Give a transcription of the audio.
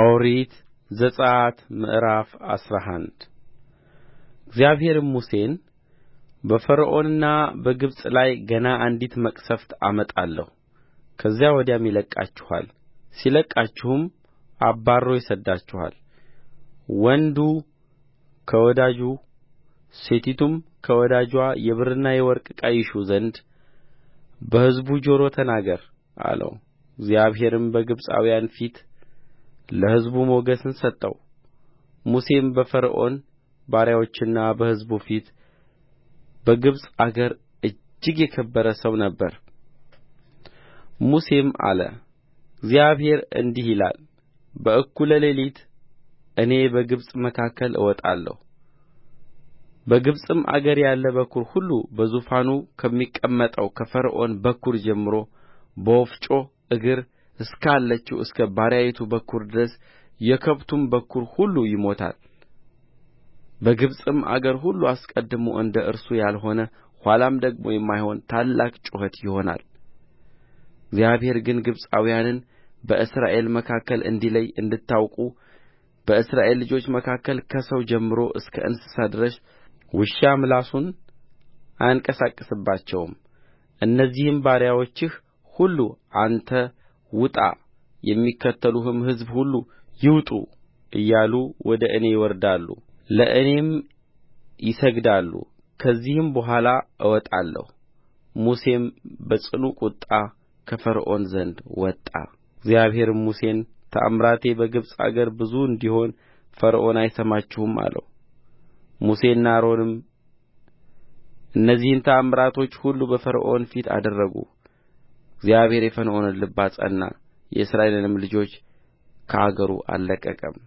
ኦሪት ዘጽአት ምዕራፍ አስራ አንድ እግዚአብሔርም ሙሴን በፈርዖንና በግብፅ ላይ ገና አንዲት መቅሰፍት አመጣለሁ ከዚያ ወዲያም ይለቅቃችኋል ሲለቅቃችሁም አባርሮ ይሰድዳችኋል ወንዱ ከወዳጁ ሴቲቱም ከወዳጅዋ የብርና የወርቅ ዕቃ ይሹ ዘንድ በሕዝቡ ጆሮ ተናገር አለው እግዚአብሔርም በግብፃውያን ፊት ለሕዝቡ ሞገስን ሰጠው ሙሴም በፈርዖን ባሪያዎችና በሕዝቡ ፊት በግብፅ አገር እጅግ የከበረ ሰው ነበረ ሙሴም አለ እግዚአብሔር እንዲህ ይላል በእኩለ ሌሊት እኔ በግብፅ መካከል እወጣለሁ በግብፅም አገር ያለ በኵር ሁሉ በዙፋኑ ከሚቀመጠው ከፈርዖን በኵር ጀምሮ በወፍጮ እግር እስካለችው እስከ ባሪያይቱ በኵር ድረስ የከብቱም በኵር ሁሉ ይሞታል በግብፅም አገር ሁሉ አስቀድሞ እንደ እርሱ ያልሆነ ኋላም ደግሞ የማይሆን ታላቅ ጩኸት ይሆናል እግዚአብሔር ግን ግብፃውያንን በእስራኤል መካከል እንዲለይ እንድታውቁ በእስራኤል ልጆች መካከል ከሰው ጀምሮ እስከ እንስሳ ድረስ ውሻ ምላሱን አያንቀሳቅስባቸውም እነዚህም ባሪያዎችህ ሁሉ አንተ ውጣ የሚከተሉህም ሕዝብ ሁሉ ይውጡ እያሉ ወደ እኔ ይወርዳሉ ለእኔም ይሰግዳሉ ከዚህም በኋላ እወጣለሁ ሙሴም በጽኑ ቍጣ ከፈርዖን ዘንድ ወጣ እግዚአብሔርም ሙሴን ተአምራቴ በግብፅ አገር ብዙ እንዲሆን ፈርዖን አይሰማችሁም አለው ሙሴና አሮንም እነዚህን ተአምራቶች ሁሉ በፈርዖን ፊት አደረጉ እግዚአብሔር የፈርዖንን ልብ አጸና የእስራኤልንም ልጆች ከአገሩ አልለቀቀም